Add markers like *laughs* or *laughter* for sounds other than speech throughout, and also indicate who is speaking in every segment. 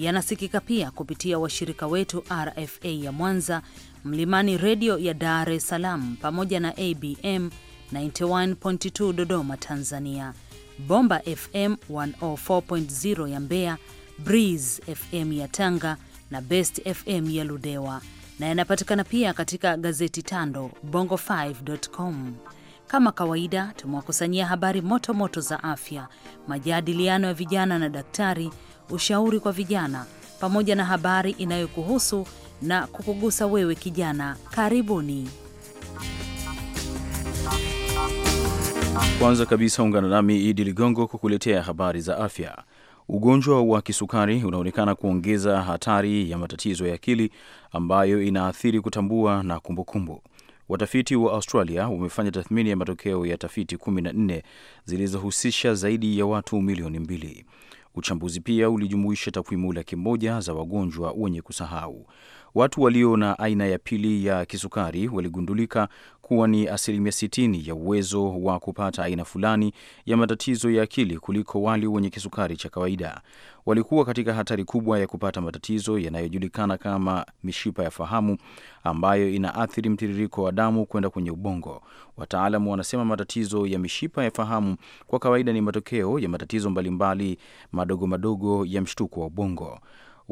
Speaker 1: yanasikika pia kupitia washirika wetu RFA ya Mwanza, Mlimani Redio ya Dar es Salaam, pamoja na ABM 91.2 Dodoma Tanzania, Bomba FM 104.0 ya Mbeya, Breeze FM ya Tanga na Best FM ya Ludewa, na yanapatikana pia katika gazeti Tando Bongo5.com. Kama kawaida, tumewakusanyia habari moto moto za afya, majadiliano ya vijana na daktari, ushauri kwa vijana, pamoja na habari inayokuhusu na kukugusa wewe kijana. Karibuni.
Speaker 2: Kwanza kabisa ungana nami Idi Ligongo kukuletea habari za afya. Ugonjwa wa kisukari unaonekana kuongeza hatari ya matatizo ya akili ambayo inaathiri kutambua na kumbukumbu kumbu. Watafiti wa Australia wamefanya tathmini ya matokeo ya tafiti 14 zilizohusisha zaidi ya watu milioni mbili. Uchambuzi pia ulijumuisha takwimu laki moja za wagonjwa wenye kusahau. Watu walio na aina ya pili ya kisukari waligundulika kuwa ni asilimia 60 ya uwezo wa kupata aina fulani ya matatizo ya akili kuliko wale wenye kisukari cha kawaida. Walikuwa katika hatari kubwa ya kupata matatizo yanayojulikana kama mishipa ya fahamu, ambayo inaathiri mtiririko wa damu kwenda kwenye ubongo. Wataalamu wanasema matatizo ya mishipa ya fahamu kwa kawaida ni matokeo ya matatizo mbalimbali madogo madogo ya mshtuko wa ubongo.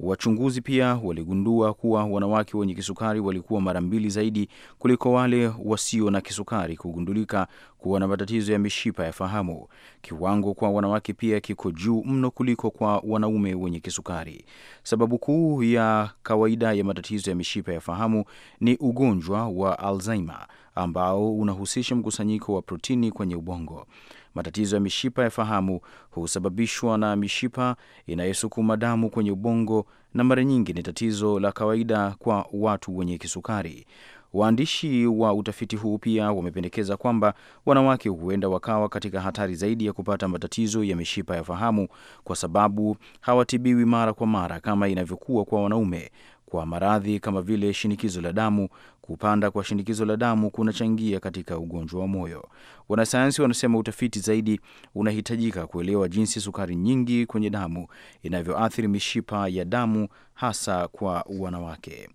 Speaker 2: Wachunguzi pia waligundua kuwa wanawake wenye kisukari walikuwa mara mbili zaidi kuliko wale wasio na kisukari kugundulika kuwa na matatizo ya mishipa ya fahamu. Kiwango kwa wanawake pia kiko juu mno kuliko kwa wanaume wenye kisukari. Sababu kuu ya kawaida ya matatizo ya mishipa ya fahamu ni ugonjwa wa Alzheimer ambao unahusisha mkusanyiko wa protini kwenye ubongo. Matatizo ya mishipa ya fahamu husababishwa na mishipa inayosukuma damu kwenye ubongo na mara nyingi ni tatizo la kawaida kwa watu wenye kisukari. Waandishi wa utafiti huu pia wamependekeza kwamba wanawake huenda wakawa katika hatari zaidi ya kupata matatizo ya mishipa ya fahamu kwa sababu hawatibiwi mara kwa mara kama inavyokuwa kwa wanaume kwa maradhi kama vile shinikizo la damu, Kupanda kwa shinikizo la damu kunachangia katika ugonjwa wa moyo. Wanasayansi wanasema utafiti zaidi unahitajika kuelewa jinsi sukari nyingi kwenye damu inavyoathiri mishipa ya damu, hasa kwa wanawake.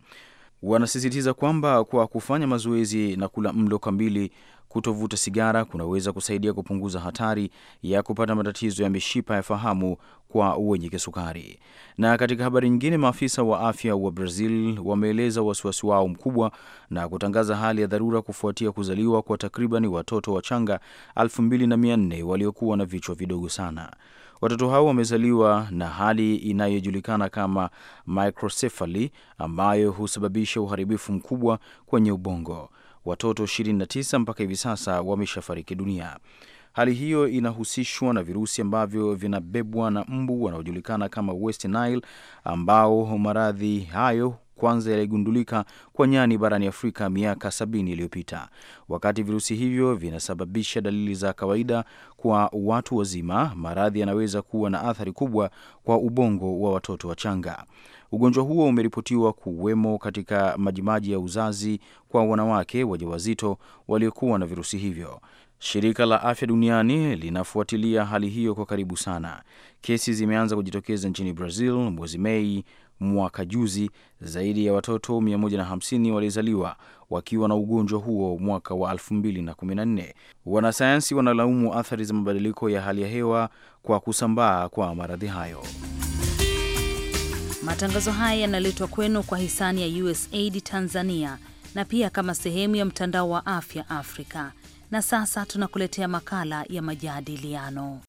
Speaker 2: Wanasisitiza kwamba kwa kufanya mazoezi na kula mlo kamili kutovuta sigara kunaweza kusaidia kupunguza hatari ya kupata matatizo ya mishipa ya fahamu kwa wenye kisukari. Na katika habari nyingine, maafisa wa afya wa Brazil wameeleza wasiwasi wao mkubwa na kutangaza hali ya dharura kufuatia kuzaliwa kwa takriban watoto wachanga 2400 waliokuwa na vichwa vidogo sana. Watoto hao wamezaliwa na hali inayojulikana kama microcephaly ambayo husababisha uharibifu mkubwa kwenye ubongo watoto 29 mpaka hivi sasa wameshafariki dunia. Hali hiyo inahusishwa na virusi ambavyo vinabebwa na mbu wanaojulikana kama West Nile, ambao maradhi hayo kwanza yaligundulika kwa nyani barani Afrika miaka sabini iliyopita. Wakati virusi hivyo vinasababisha dalili za kawaida kwa watu wazima, maradhi yanaweza kuwa na athari kubwa kwa ubongo wa watoto wachanga. Ugonjwa huo umeripotiwa kuwemo katika majimaji ya uzazi kwa wanawake wajawazito waliokuwa na virusi hivyo. Shirika la Afya Duniani linafuatilia hali hiyo kwa karibu sana. Kesi zimeanza kujitokeza nchini Brazil mwezi Mei mwaka juzi, zaidi ya watoto 150 walizaliwa wakiwa na ugonjwa huo mwaka wa 2014. Wanasayansi wanalaumu athari za mabadiliko ya hali ya hewa kwa kusambaa kwa maradhi hayo.
Speaker 1: Matangazo haya yanaletwa kwenu kwa hisani ya USAID Tanzania na pia kama sehemu ya mtandao wa afya Afrika. Na sasa tunakuletea makala ya majadiliano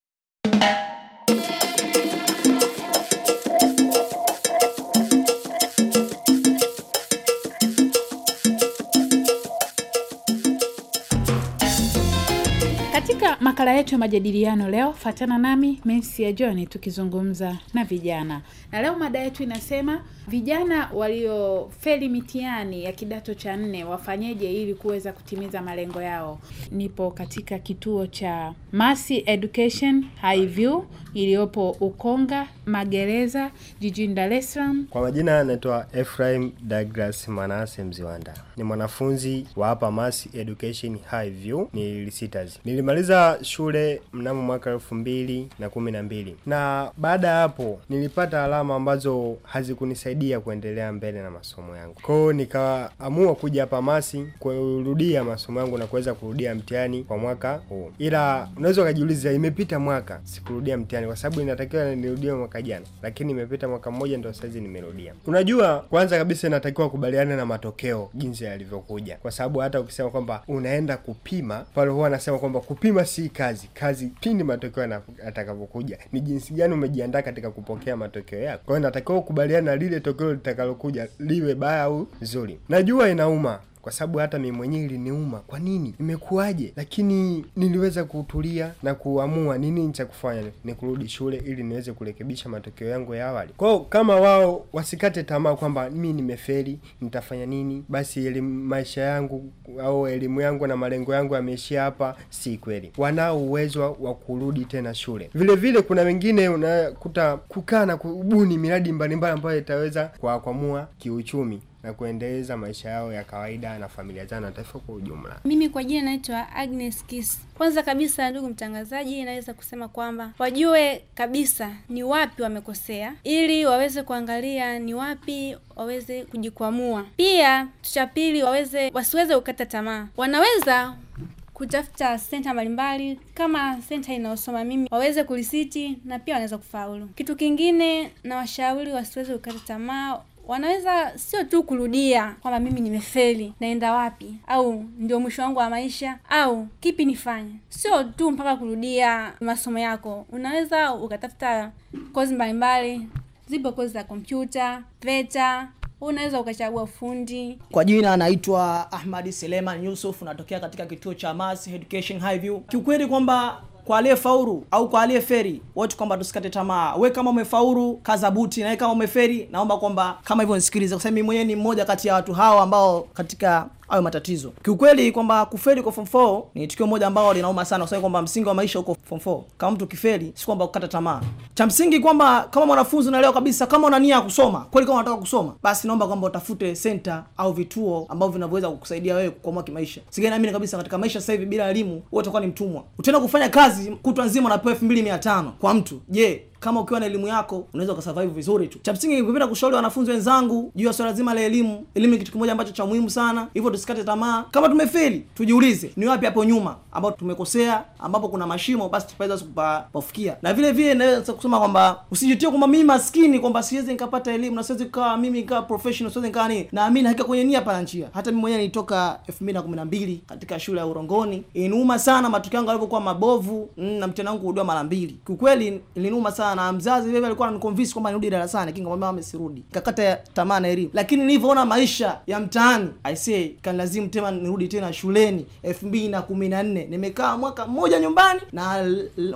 Speaker 3: makala yetu ya majadiliano leo, fatana nami ya John tukizungumza na vijana, na leo mada yetu inasema vijana waliofeli mitiani ya kidato cha nne wafanyeje ili kuweza kutimiza malengo yao. Nipo katika kituo cha Mercy Education Highview iliyopo Ukonga Magereza, jijini Dar es Salaam.
Speaker 4: Kwa majina anaitwa Ephraim Douglas Manase Mziwanda, ni mwanafunzi wa hapa Mass Education High View, ni Lisitas. Nilimaliza shule mnamo mwaka elfu mbili na kumi na mbili na baada ya hapo nilipata alama ambazo hazikunisaidia kuendelea mbele na masomo yangu, kwao nikaamua kuja hapa Masi kurudia masomo yangu na kuweza kurudia mtihani kwa mwaka huu, ila unaweza ukajiuliza, imepita mwaka sikurudia mtihani mwakani, kwa sababu inatakiwa nirudie mwaka jana, lakini imepita mwaka mmoja ndo saizi nimerudia. Unajua, kwanza kabisa inatakiwa kubaliana na matokeo jinsi yalivyokuja, kwa sababu hata ukisema kwamba unaenda kupima pale, huwa anasema kwamba kupima si kazi, kazi pindi matokeo yatakavyokuja ni jinsi gani umejiandaa katika kupokea matokeo yako. Kwa hiyo inatakiwa kukubaliana na lile tokeo litakalokuja, liwe baya au zuri. Najua inauma kwa sababu hata mimi mwenyewe iliniuma, kwa nini imekuwaje? Lakini niliweza kutulia na kuamua nini cha kufanya, ni kurudi shule ili niweze kurekebisha matokeo yangu ya awali. Kwao kama wao wasikate tamaa kwamba mi nimefeli, nitafanya nini? Basi elimu maisha yangu au elimu yangu na malengo yangu yameishia hapa, si kweli. Wanao uwezo wa kurudi tena shule. Vile vile kuna wengine unakuta kukaa na kubuni miradi mbalimbali ambayo itaweza kuwakwamua kiuchumi na kuendeleza maisha yao ya kawaida na familia zao na taifa kwa ujumla.
Speaker 5: Mimi kwa jina naitwa Agnes Kiss. Kwanza kabisa, ndugu mtangazaji, naweza kusema kwamba wajue kabisa ni wapi wamekosea, ili waweze kuangalia ni wapi waweze kujikwamua. Pia cha pili, waweze wasiweze kukata tamaa, wanaweza kutafuta senta mbalimbali kama senta inayosoma mimi waweze kulisiti na pia wanaweza kufaulu. Kitu kingine, na washauri wasiweze kukata tamaa, wanaweza sio tu kurudia kwamba mimi nimefeli, naenda wapi, au ndio mwisho wangu wa maisha, au kipi nifanye. Sio tu mpaka kurudia masomo yako, unaweza ukatafuta kozi mbalimbali. Zipo kozi za kompyuta, VETA, unaweza ukachagua fundi.
Speaker 6: Kwa jina anaitwa Ahmadi Seleman Yusuf, natokea katika kituo cha Mars Education Highview. Kiukweli kwamba kwa aliyefaulu au kwa aliyeferi wote, kwamba tusikate tamaa. We kama umefaulu kaza buti, na we kama umeferi, naomba kwamba kama hivyo nisikilize, kwa sababu mimi mwenyewe ni mmoja kati ya watu hao ambao katika au matatizo. Kiukweli kwamba kufeli kwa form 4 ni tukio moja ambalo linauma sana, kwa sababu kwamba msingi wa maisha uko form 4. Kama mtu kifeli, si kwamba ukata tamaa. Cha msingi kwamba kama mwanafunzi unaelewa kabisa, kama una nia ya kusoma kweli, kama unataka kusoma, basi naomba kwamba utafute center au vituo ambavyo vinavyoweza kukusaidia wewe kukwamua kimaisha. Sige, naamini kabisa katika maisha sasa hivi, bila elimu wewe utakuwa ni mtumwa, utaenda kufanya kazi kutwa nzima unapewa 2500 kwa mtu. Je, yeah kama ukiwa na elimu yako unaweza ukasurvive vizuri tu. Cha msingi ningependa kushauri wanafunzi wenzangu juu ya swala zima la elimu. Elimu ni kitu kimoja ambacho cha muhimu sana, hivyo tusikate tamaa. Kama tumefeli, tujiulize ni wapi hapo nyuma ambapo tumekosea, ambapo kuna mashimo, basi tupaweza kupafikia. Na vile vile naweza kusema kwamba usijitie kwamba mimi maskini, kwamba siwezi nikapata elimu na siwezi kukaa mimi nikawa professional, siwezi nikaa nini. Naamini hakika kwenye nia pana njia. Hata mimi mwenyewe nilitoka 2012 katika shule ya Urongoni, inuma sana, matokeo yangu yalivyokuwa mabovu na mtihani wangu kurudiwa mara mbili. Kiukweli ilinuma sana sana. Mzazi bebe alikuwa ananiconvince kwamba nirudi darasani, lakini nikamwambia mama, sirudi. Nikakata tamaa na elimu, lakini nilivyoona maisha ya mtaani i say kan lazim tena nirudi tena shuleni. 2014 nimekaa mwaka mmoja nyumbani na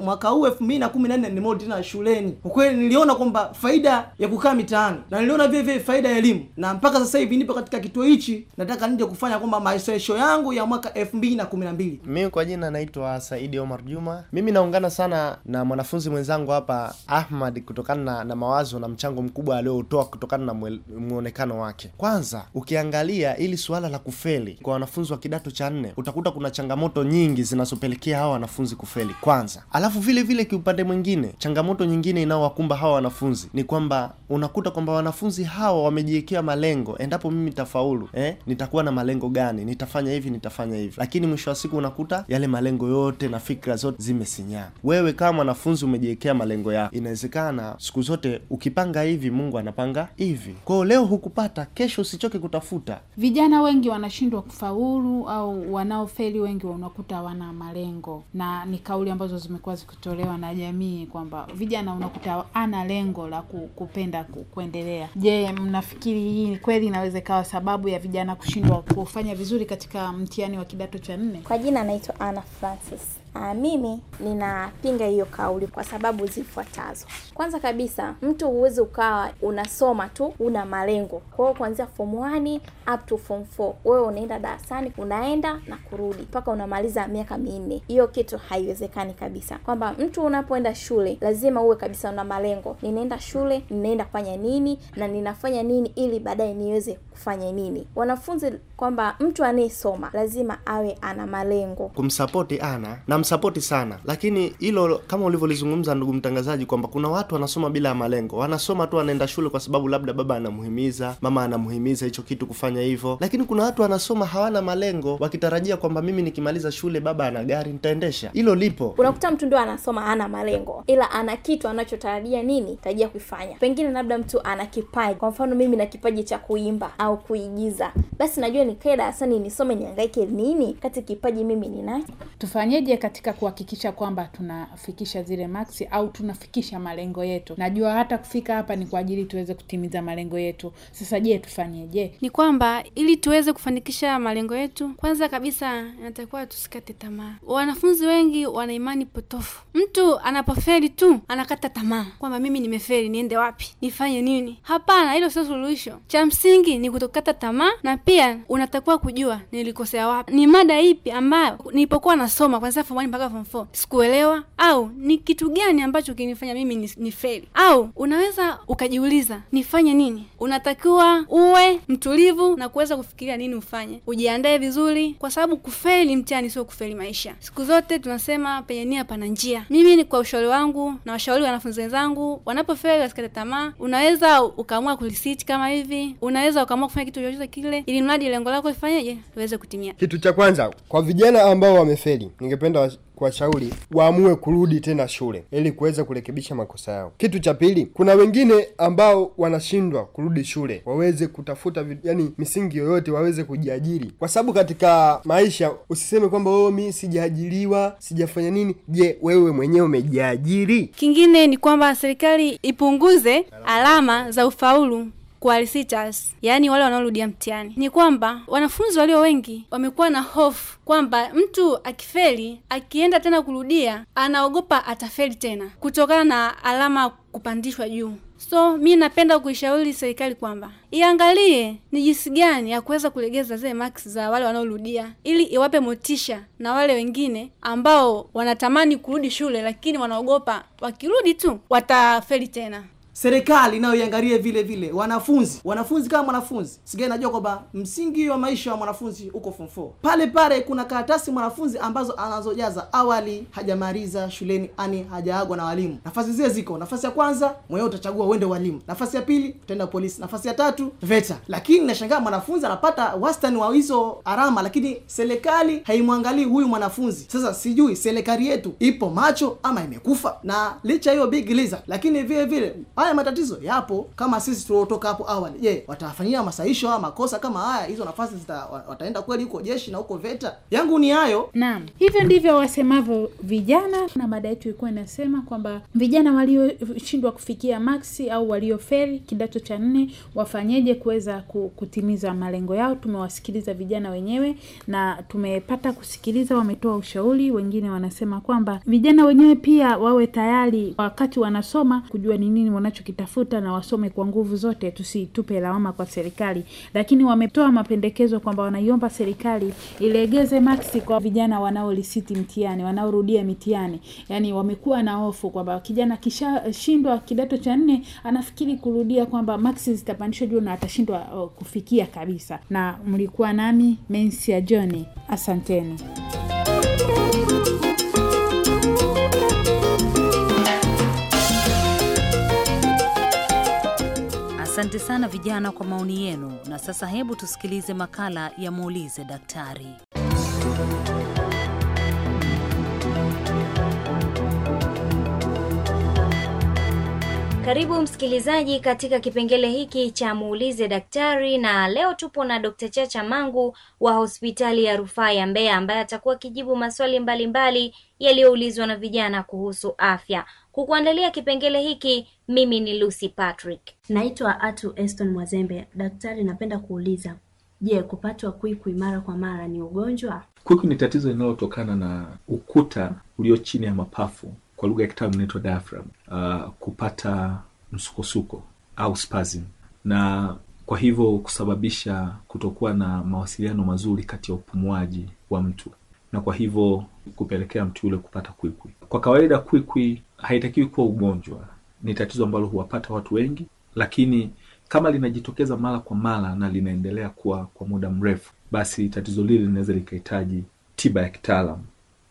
Speaker 6: mwaka huu 2014 nimerudi tena shuleni. Kwa kweli niliona kwamba faida ya kukaa mitaani na niliona vile vile faida ya elimu, na mpaka sasa hivi nipo katika kituo hichi, nataka nije kufanya kwamba maisha yangu
Speaker 7: ya mwaka 2012. Mimi kwa jina naitwa Saidi Omar Juma. Mimi naungana sana na mwanafunzi mwenzangu hapa Ahmad kutokana na, na mawazo na mchango mkubwa aliyoutoa kutokana na mwonekano wake. Kwanza ukiangalia ili suala la kufeli kwa wanafunzi wa kidato cha nne, utakuta kuna changamoto nyingi zinazopelekea hawa wanafunzi kufeli kwanza, alafu vile vile kiupande mwingine, changamoto nyingine inayowakumba hawa wanafunzi ni kwamba unakuta kwamba wanafunzi hawa wamejiwekea malengo, endapo mimi tafaulu eh, nitakuwa na malengo gani, nitafanya hivi, nitafanya hivi, lakini mwisho wa siku unakuta yale malengo yote na fikra zote zimesinyaa. Wewe kama mwanafunzi umejiwekea malengo yako inawezekana siku zote ukipanga hivi Mungu anapanga hivi. Kwa leo hukupata, kesho usichoke kutafuta.
Speaker 3: Vijana wengi wanashindwa kufaulu au wanaofeli wengi unakuta wana malengo, na ni kauli ambazo zimekuwa zikitolewa na jamii kwamba vijana unakuta ana lengo la kupenda kuendelea. Je, mnafikiri hii kweli inaweza ikawa sababu ya vijana kushindwa kufanya vizuri katika mtihani
Speaker 8: wa kidato cha nne? Kwa jina anaitwa Ana Francis. Aa, ah, mimi ninapinga hiyo kauli kwa sababu zifuatazo. Kwanza kabisa, mtu huwezi ukawa unasoma tu una malengo. Kwa hiyo kuanzia form 1 up to form 4 wewe unaenda darasani, unaenda na kurudi mpaka unamaliza miaka minne. Hiyo kitu haiwezekani kabisa, kwamba mtu unapoenda shule lazima uwe kabisa una malengo. Ninaenda shule, ninaenda kufanya nini na ninafanya nini ili baadaye niweze kufanya nini. Wanafunzi, kwamba mtu anayesoma lazima awe ana malengo.
Speaker 7: Kumsapoti ana na wanamsapoti sana, lakini hilo kama ulivyolizungumza ndugu mtangazaji, kwamba kuna watu wanasoma bila ya malengo, wanasoma tu wanaenda shule kwa sababu labda baba anamuhimiza, mama anamuhimiza hicho kitu kufanya hivyo, lakini kuna watu wanasoma hawana malengo, wakitarajia kwamba mimi nikimaliza shule, baba ana gari, nitaendesha. Hilo lipo,
Speaker 8: unakuta mtu ndo anasoma ana malengo, ila ana kitu anachotarajia nini, tarajia kufanya. Pengine labda mtu ana kipaji, kwa mfano mimi na kipaji cha kuimba au kuigiza, basi najua nikae darasani nisome nihangaike nini,
Speaker 3: kati kipaji mimi ninacho, tufanyeje? katika kuhakikisha kwamba tunafikisha zile maksi au tunafikisha malengo yetu. Najua hata kufika hapa ni kwa ajili tuweze kutimiza malengo yetu. Sasa je, tufanyeje?
Speaker 5: Ni kwamba ili tuweze kufanikisha malengo yetu, kwanza kabisa natakiwa tusikate tamaa. Wanafunzi wengi wana imani potofu. Mtu anapoferi tu anakata tamaa kwamba mimi nimeferi niende wapi? Nifanye nini? Hapana, hilo sio suluhisho. Cha msingi ni kutokata tamaa, na pia unatakiwa kujua nilikosea wapi, ni mada ipi ambayo nilipokuwa nasoma kwanza 1 mpaka form 4 sikuelewa, au ni kitu gani ambacho kinifanya mimi ni nifeli? Au unaweza ukajiuliza nifanye nini? Unatakiwa uwe mtulivu na kuweza kufikiria nini ufanye, ujiandae vizuri, kwa sababu kufeli mtiani sio kufeli maisha. Siku zote tunasema penye nia pana njia. Mimi ni kwa ushauri wangu na washauri wanafunzi wenzangu, wanapofeli wasikate tamaa. Unaweza ukaamua kulisiti kama hivi, unaweza ukaamua kufanya kitu chochote kile, ili mradi lengo lako lifanyeje, liweze kutimia.
Speaker 4: Kitu cha kwanza kwa vijana ambao wamefeli, ningependa kuwashauri waamue kurudi tena shule ili kuweza kurekebisha makosa yao. Kitu cha pili, kuna wengine ambao wanashindwa kurudi shule waweze kutafuta yani misingi yoyote waweze kujiajiri, kwa sababu katika maisha usiseme kwamba oh, mi sijaajiriwa sijafanya nini. Je, wewe mwenyewe umejiajiri?
Speaker 5: Kingine ni kwamba serikali ipunguze alama za ufaulu qualitas, yaani wale wanaorudia mtihani, ni kwamba wanafunzi walio wengi wamekuwa na hofu kwamba mtu akifeli, akienda tena kurudia, anaogopa atafeli tena kutokana na alama kupandishwa juu. So mi napenda kuishauri serikali kwamba iangalie ni jinsi gani ya kuweza kulegeza zile max za wale wanaorudia, ili iwape motisha na wale wengine ambao wanatamani kurudi shule, lakini wanaogopa wakirudi tu watafeli tena
Speaker 6: serikali nayo iangalie vile vile wanafunzi wanafunzi kama mwanafunzi sigai najua kwamba msingi wa maisha wa mwanafunzi uko form 4 pale pale kuna karatasi mwanafunzi ambazo anazojaza awali hajamaliza shuleni ani hajaagwa na walimu nafasi zile ziko nafasi ya kwanza mwenyewe utachagua uende walimu nafasi ya pili utaenda polisi nafasi ya tatu VETA lakini nashangaa mwanafunzi anapata wastani wa hizo arama lakini serikali haimwangalii huyu mwanafunzi sasa sijui serikali yetu ipo macho ama imekufa na licha hiyo big lizard lakini vile vile haya matatizo yapo kama sisi tuliotoka hapo awali. Je, watafanyia masaisho haya makosa kama haya? Hizo nafasi zita wataenda kweli huko jeshi na huko VETA? Yangu ni hayo. Naam, hivyo ndivyo wasemavyo vijana, na mada yetu ilikuwa inasema
Speaker 3: kwamba vijana walioshindwa kufikia maxi au walioferi kidato cha nne wafanyeje kuweza kutimiza malengo yao. Tumewasikiliza vijana wenyewe na tumepata kusikiliza, wametoa ushauri. Wengine wanasema kwamba vijana wenyewe pia wawe tayari wakati wanasoma kujua ni nini wanacho wanachokitafuta na wasome kwa nguvu zote, tusitupe lawama kwa serikali. Lakini wametoa mapendekezo kwamba wanaiomba serikali ilegeze maksi kwa vijana wanaolisiti mtihani, wanaorudia mitihani. Yani wamekuwa na hofu kwamba kijana kishashindwa kidato cha nne anafikiri kurudia kwamba maksi zitapandishwa juu na atashindwa uh, kufikia kabisa. Na mlikuwa nami Mensia John,
Speaker 1: asanteni. Asante sana vijana kwa maoni yenu. Na sasa hebu tusikilize makala ya muulize daktari.
Speaker 9: Karibu msikilizaji katika kipengele hiki cha muulize daktari, na leo tupo na Dkt. Chacha Mangu wa hospitali ya rufaa ya Mbeya ambaye atakuwa akijibu maswali mbalimbali mbali yaliyoulizwa na vijana kuhusu afya. Kukuandalia kipengele hiki mimi ni Lucy Patrick. Naitwa Atu Eston Mwazembe.
Speaker 5: Daktari, napenda kuuliza, je, kupatwa kwikwi mara kwa mara ni ugonjwa?
Speaker 10: Kwikwi ni tatizo linalotokana na ukuta ulio chini ya mapafu, kwa lugha ya kitabu inaitwa diaphragm. Uh, kupata msukosuko au spasm na kwa hivyo kusababisha kutokuwa na mawasiliano mazuri kati ya upumuaji wa mtu na kwa hivyo kupelekea mtu yule kupata kwikwi. Kwa kawaida kwikwi haitakiwi kuwa ugonjwa, ni tatizo ambalo huwapata watu wengi, lakini kama linajitokeza mara kwa mara na linaendelea kuwa kwa muda mrefu, basi tatizo lile linaweza likahitaji tiba ya kitaalam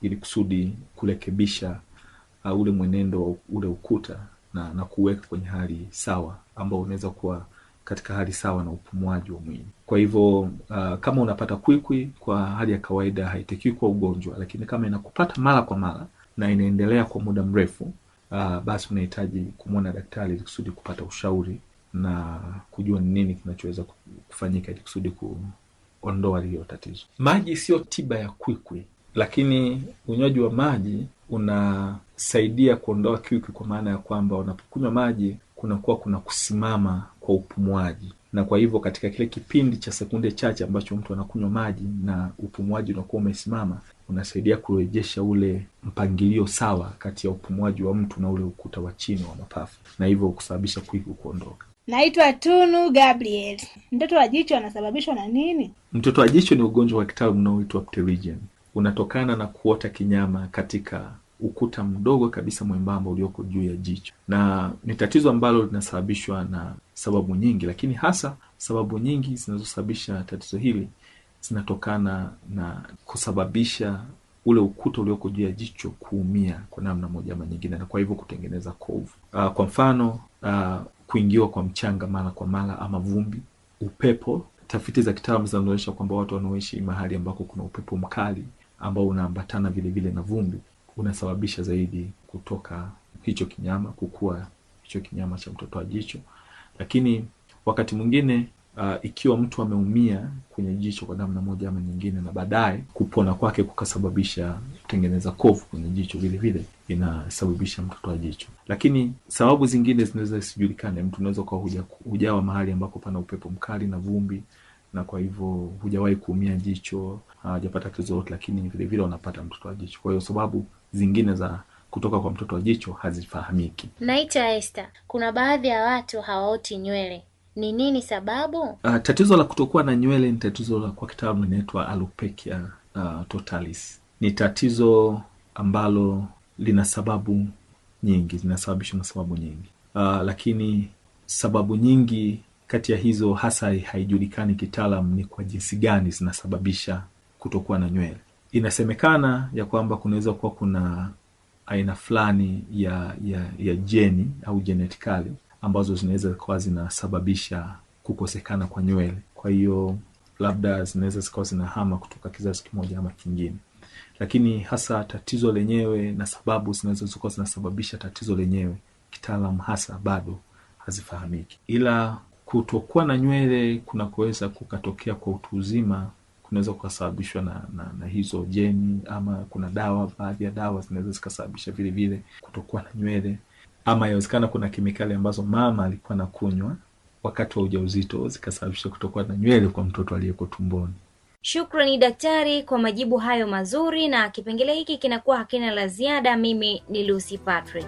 Speaker 10: ili kusudi kurekebisha uh, ule mwenendo ule ukuta na, na kuweka kwenye hali sawa ambao unaweza kuwa katika hali sawa na upumuaji wa mwili. Kwa hivyo uh, kama unapata kwikwi kwa hali ya kawaida haitakiwi kuwa ugonjwa, lakini kama inakupata mara kwa mara na inaendelea kwa muda mrefu uh, basi unahitaji kumwona daktari ili kusudi kupata ushauri na kujua ni nini kinachoweza kufanyika ili kusudi kuondoa liliyo tatizo. Maji siyo tiba ya kwikwi, lakini unywaji wa maji unasaidia kuondoa kwikwi, kwa maana ya kwamba unapokunywa maji kunakuwa kuna kusimama kwa upumuaji, na kwa hivyo katika kile kipindi cha sekunde chache ambacho mtu anakunywa maji na upumuaji unakuwa umesimama, unasaidia kurejesha ule mpangilio sawa kati ya upumuaji wa mtu na ule ukuta wa chini wa mapafu, na hivyo kusababisha kuiku kuondoka.
Speaker 9: Naitwa Tunu Gabriel. Mtoto wa jicho anasababishwa na nini?
Speaker 10: Mtoto wa jicho ni ugonjwa wa kitabu unaoitwa pterygium, unatokana na kuota kinyama katika ukuta mdogo kabisa mwembamba ulioko juu ya jicho, na ni tatizo ambalo linasababishwa na sababu nyingi, lakini hasa sababu nyingi zinazosababisha tatizo hili zinatokana na kusababisha ule ukuta ulioko juu ya jicho kuumia kwa namna moja ama nyingine, na kwa hivyo kutengeneza kovu. Ah, kwa mfano, ah, kuingiwa kwa mchanga mara kwa mara ama vumbi, upepo. Tafiti za kitaalamu zinaonyesha kwamba watu wanaoishi mahali ambako kuna upepo mkali ambao unaambatana vilevile na vumbi unasababisha zaidi kutoka hicho kinyama, kukua hicho kinyama cha mtoto wa jicho. Lakini wakati mwingine uh, ikiwa mtu ameumia kwenye jicho kwa namna moja ama nyingine, na baadaye kupona kwake kukasababisha kutengeneza kovu kwenye jicho, vile vile inasababisha mtoto wa jicho. Lakini sababu zingine zinaweza zisijulikane. Mtu unaweza kuwa huja, hujawa mahali ambapo pana upepo mkali na vumbi na kwa hivyo hujawahi kuumia jicho, hajapata tatizo lolote, lakini vilevile wanapata mtoto wa jicho. Kwa hiyo sababu zingine za kutoka kwa mtoto wa jicho hazifahamiki.
Speaker 8: Naitwa Esther. Kuna baadhi ya watu hawaoti nywele, ni nini
Speaker 6: sababu? Uh,
Speaker 10: tatizo la kutokuwa na nywele ni tatizo la kwa kitaalamu linaitwa alopecia uh, totalis. Ni tatizo ambalo lina sababu nyingi, linasababishwa na sababu nyingi uh, lakini sababu nyingi kati ya hizo hasa haijulikani kitaalam ni kwa jinsi gani zinasababisha kutokuwa na nywele inasemekana ya kwamba kunaweza kuwa kuna aina fulani ya, ya, ya jeni au genetically ambazo zinaweza kuwa zinasababisha kukosekana kwa nywele. Kwa hiyo labda zinaweza zikawa zinahama kutoka kizazi kimoja ama kingine, lakini hasa tatizo lenyewe na sababu zinaweza zikawa zinasababisha tatizo lenyewe kitaalam hasa bado hazifahamiki, ila kutokuwa na nywele kunakoweza kukatokea kwa utu uzima kunaweza kukasababishwa na, na, na hizo jeni ama kuna dawa, baadhi ya dawa zinaweza zikasababisha vile vile kutokuwa na nywele, ama yawezekana kuna kemikali ambazo mama alikuwa kunywa wakati wa ujauzito zikasababisha kutokuwa na nywele kwa mtoto aliyeko tumboni.
Speaker 9: Shukrani daktari kwa majibu hayo mazuri, na kipengele hiki kinakuwa hakina la ziada. Mimi ni Lucy Patrick.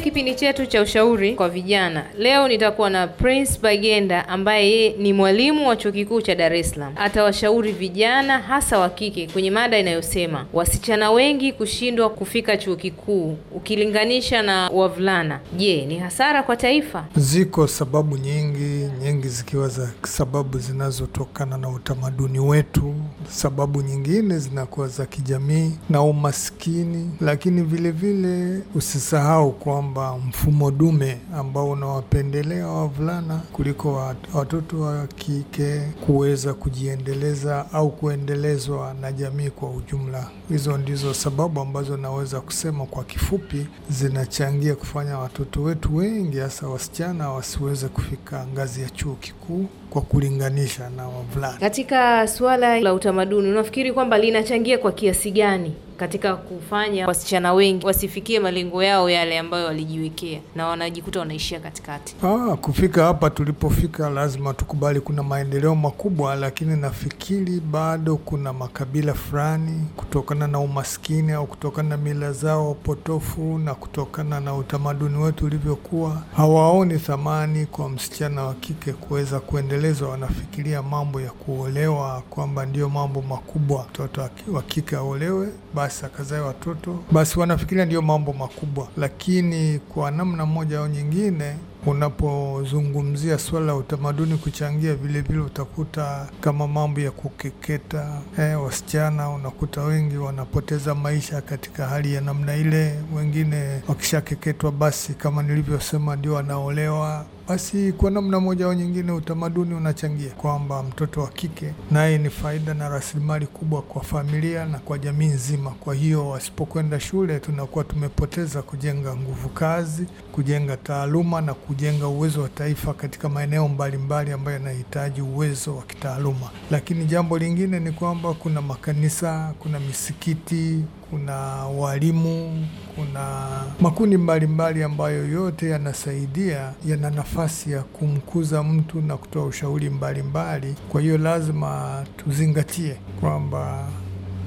Speaker 9: katika kipindi chetu cha ushauri kwa vijana leo nitakuwa na Prince Bagenda ambaye yeye ni mwalimu wa chuo kikuu cha Dar es Salaam. Atawashauri vijana hasa wa kike kwenye mada inayosema wasichana wengi kushindwa kufika chuo kikuu ukilinganisha na wavulana. Je, ni hasara kwa taifa?
Speaker 11: Ziko sababu nyingi nyingi, zikiwa za sababu zinazotokana na utamaduni wetu, sababu nyingine zinakuwa za kijamii na umaskini, lakini vilevile usisahau kwamba kwamba mfumo dume ambao unawapendelea wavulana kuliko watoto wa kike kuweza kujiendeleza au kuendelezwa na jamii kwa ujumla. Hizo ndizo sababu ambazo naweza kusema kwa kifupi zinachangia kufanya watoto wetu wengi, hasa wasichana, wasiweze kufika ngazi ya chuo kikuu kwa kulinganisha na wavulana.
Speaker 9: Katika suala la utamaduni, unafikiri kwamba linachangia kwa kiasi gani? katika kufanya wasichana wengi wasifikie malengo yao yale ambayo walijiwekea na wanajikuta wanaishia katikati.
Speaker 11: Ah, kufika hapa tulipofika, lazima tukubali kuna maendeleo makubwa, lakini nafikiri bado kuna makabila fulani, kutokana na umaskini au kutokana na mila zao potofu na kutokana na utamaduni wetu ulivyokuwa, hawaoni thamani kwa msichana wa kike kuweza kuendelezwa. Wanafikiria mambo ya kuolewa kwamba ndiyo mambo makubwa, mtoto wa kike aolewe basi darasa, kazae watoto, basi wanafikiria ndiyo mambo makubwa, lakini kwa namna moja au nyingine unapozungumzia swala la utamaduni kuchangia vilevile, utakuta kama mambo ya kukeketa eh, wasichana unakuta wengi wanapoteza maisha katika hali ya namna ile. Wengine wakishakeketwa, basi kama nilivyosema, ndio wanaolewa. Basi kwa namna moja au nyingine, utamaduni unachangia kwamba mtoto wa kike naye ni faida na rasilimali kubwa kwa familia na kwa jamii nzima. Kwa hiyo wasipokwenda shule, tunakuwa tumepoteza kujenga nguvu kazi, kujenga taaluma na ku kujenga uwezo wa taifa katika maeneo mbalimbali ambayo yanahitaji uwezo wa kitaaluma. Lakini jambo lingine ni kwamba kuna makanisa, kuna misikiti, kuna walimu, kuna makundi mbalimbali ambayo yote yanasaidia, yana nafasi ya kumkuza mtu na kutoa ushauri mbalimbali. Kwa hiyo lazima tuzingatie kwamba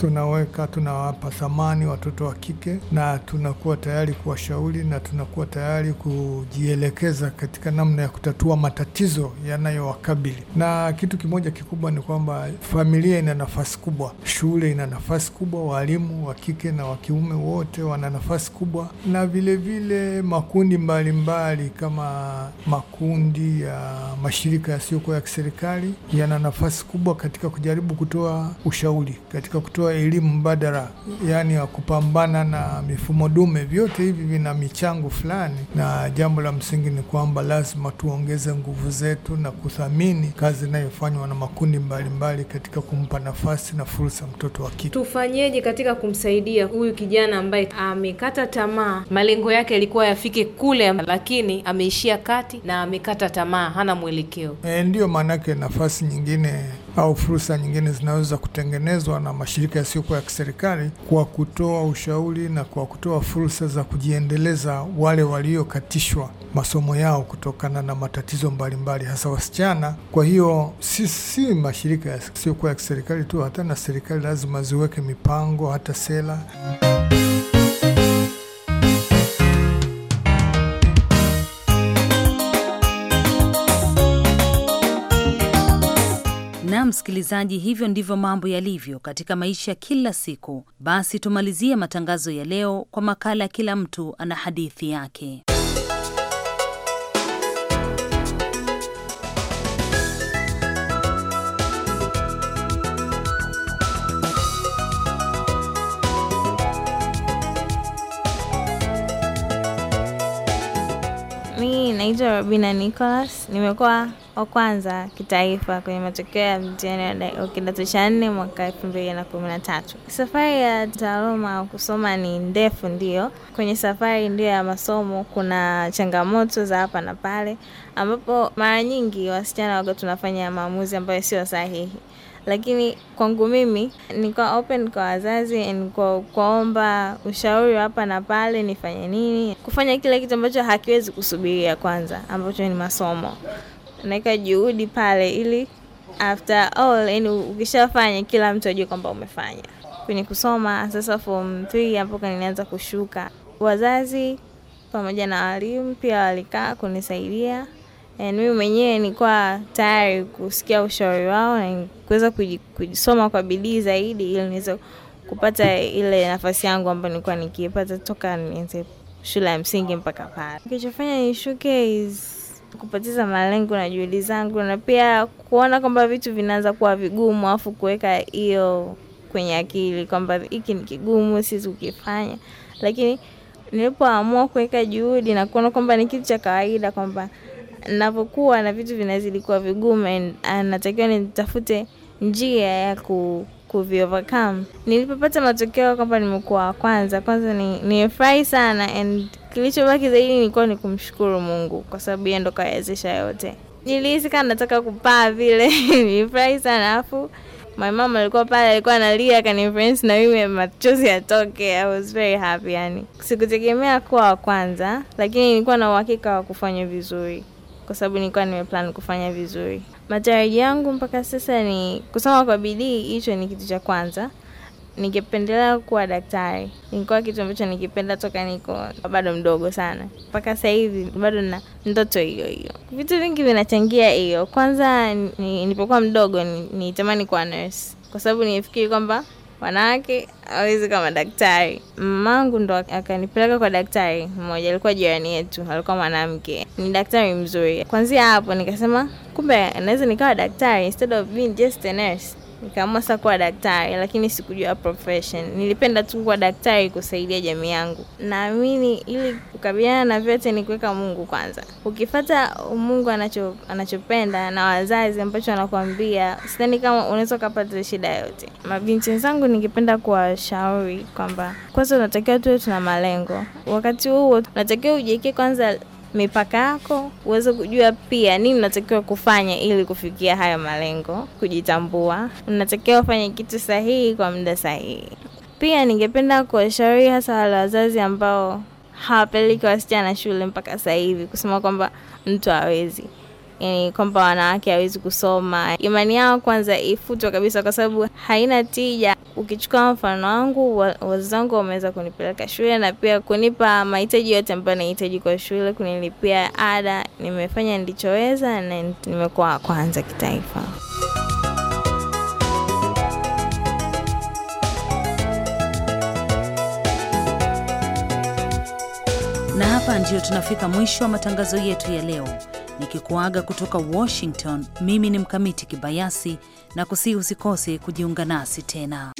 Speaker 11: tunaweka tunawapa thamani watoto wa kike, na tunakuwa tayari kuwashauri na tunakuwa tayari kujielekeza katika namna ya kutatua matatizo yanayowakabili. Na kitu kimoja kikubwa ni kwamba familia ina nafasi kubwa, shule ina nafasi kubwa, walimu wa kike na wa kiume wote wana nafasi kubwa, na vilevile vile makundi mbalimbali mbali, kama makundi ya mashirika yasiyokuwa ya kiserikali yana nafasi kubwa katika kujaribu kutoa ushauri katika kutoa kutoa elimu mbadala, yaani ya kupambana na mifumo dume. Vyote hivi vina michango fulani, na jambo la msingi ni kwamba lazima tuongeze nguvu zetu na kuthamini kazi inayofanywa na makundi mbalimbali katika kumpa nafasi na fursa mtoto wa kike.
Speaker 9: Tufanyeje katika kumsaidia huyu kijana ambaye amekata tamaa? Malengo yake yalikuwa yafike kule, lakini ameishia kati na amekata tamaa, hana mwelekeo.
Speaker 11: E, eh, ndiyo maanake nafasi nyingine au fursa nyingine zinaweza kutengenezwa na mashirika yasiyokuwa ya kiserikali kwa kutoa ushauri na kwa kutoa fursa za kujiendeleza wale waliokatishwa masomo yao kutokana na matatizo mbalimbali, hasa wasichana. Kwa hiyo si, si mashirika yasiyokuwa ya kiserikali tu, hata na serikali lazima ziweke mipango, hata sera
Speaker 1: msikilizaji, hivyo ndivyo mambo yalivyo katika maisha kila siku. Basi tumalizie matangazo ya leo kwa makala, kila mtu ana hadithi yake.
Speaker 8: Mi naitwa Robina Nicholas, nimekuwa wa kwanza kitaifa kwenye matokeo ya mtihani wa kidato cha nne mwaka elfu mbili na kumi na tatu. Safari ya taaluma kusoma ni ndefu, ndio Kwenye safari ndio ya masomo kuna changamoto za hapa na pale, ambapo mara nyingi wasichana waga tunafanya maamuzi ambayo sio sahihi lakini kwangu mimi nikuwa open kwa wazazi, kuomba ushauri hapa na pale, nifanye nini, kufanya kile kitu ambacho hakiwezi kusubiria kwanza, ambacho ni masomo unaweka juhudi pale, ili after all, yani ukishafanya kila mtu ajue kwamba umefanya. Kwenye kusoma sasa, form 3 hapo kanianza kushuka. Wazazi pamoja na walimu pia walikaa kunisaidia, mimi mwenyewe nilikuwa tayari kusikia ushauri wao na kuweza kujisoma kwa bidii zaidi, ili niweze kupata ile nafasi yangu ambayo nilikuwa nikipata toka nianze shule ya msingi mpaka pale. Kilichofanya nishuke is kupoteza malengo na juhudi zangu, na pia kuona kwamba vitu vinaanza kuwa vigumu, afu kuweka hiyo kwenye akili kwamba hiki ni kigumu, siwezi kukifanya. Lakini nilipoamua kuweka juhudi na kuona kwamba ni kitu cha kawaida, kwamba ninapokuwa na vitu vinazidi kuwa vigumu, ah, natakiwa nitafute njia ya ku kuviovercome. Nilipopata matokeo kwamba nimekuwa wa kwanza, kwanza nilifurahi sana and Kilichobaki zaidi nilikuwa ni kumshukuru Mungu kwa sababu yeye ndo kawezesha yote. Nilihisi kama nataka kupaa vile *laughs* nilifurahi sana, alafu my mama alikuwa pale, alikuwa analia, akanifrensi na mimi machozi yatoke. I was very happy, yani sikutegemea kuwa wa kwanza, lakini nilikuwa na uhakika wa kufanya vizuri kwa sababu nilikuwa nimeplan kufanya vizuri. Matarajio yangu mpaka sasa ni kusoma kwa bidii, hicho ni kitu cha kwanza. Ningependelea kuwa daktari, nilikuwa kitu ambacho nikipenda toka niko bado mdogo sana. Mpaka sasa hivi bado na ndoto hiyo hiyo. Vitu vingi vinachangia hiyo. Kwanza nilipokuwa mdogo nitamani kuwa nurse, kwa sababu nilifikiri kwamba wanawake hawezi kama daktari. Mamangu ndo akanipeleka kwa daktari mmoja, alikuwa jirani yetu, alikuwa mwanamke, ni daktari mzuri. Kwanzia hapo nikasema kumbe naweza nikawa daktari instead of being just a nurse nikaamua sasa kuwa daktari, lakini sikujua profession. Nilipenda tu kuwa daktari kusaidia jamii yangu. Naamini ili kukabiliana na vyote ni kuweka Mungu kwanza. Ukifata Mungu anacho anachopenda na wazazi ambacho wanakuambia, sidhani kama unaweza ukapata shida yote. Mabinti zangu, ningependa kuwashauri kwamba kwanza unatakiwa tuwe tuna malengo. Wakati huo unatakiwa ujiwekee kwanza mipaka yako, uweze kujua pia nini unatakiwa kufanya ili kufikia hayo malengo, kujitambua. Unatakiwa ufanye kitu sahihi kwa muda sahihi. Pia ningependa kuwashauri hasa wale wazazi ambao hawapeleki wasichana shule mpaka sasa hivi, kusema kwamba mtu hawezi yani kwamba wanawake hawezi kusoma. Imani yao kwanza ifutwe kabisa, kwa sababu haina tija. Ukichukua mfano wangu, wazazi wangu wameweza kunipeleka shule na pia kunipa mahitaji yote ambayo nahitaji kwa shule, kunilipia ada. Nimefanya nilichoweza na nimekuwa kwanza kitaifa.
Speaker 1: Na hapa ndio tunafika mwisho wa matangazo yetu ya leo nikikuaga kutoka Washington. Mimi ni Mkamiti Kibayasi na kusihi usikose kujiunga nasi tena.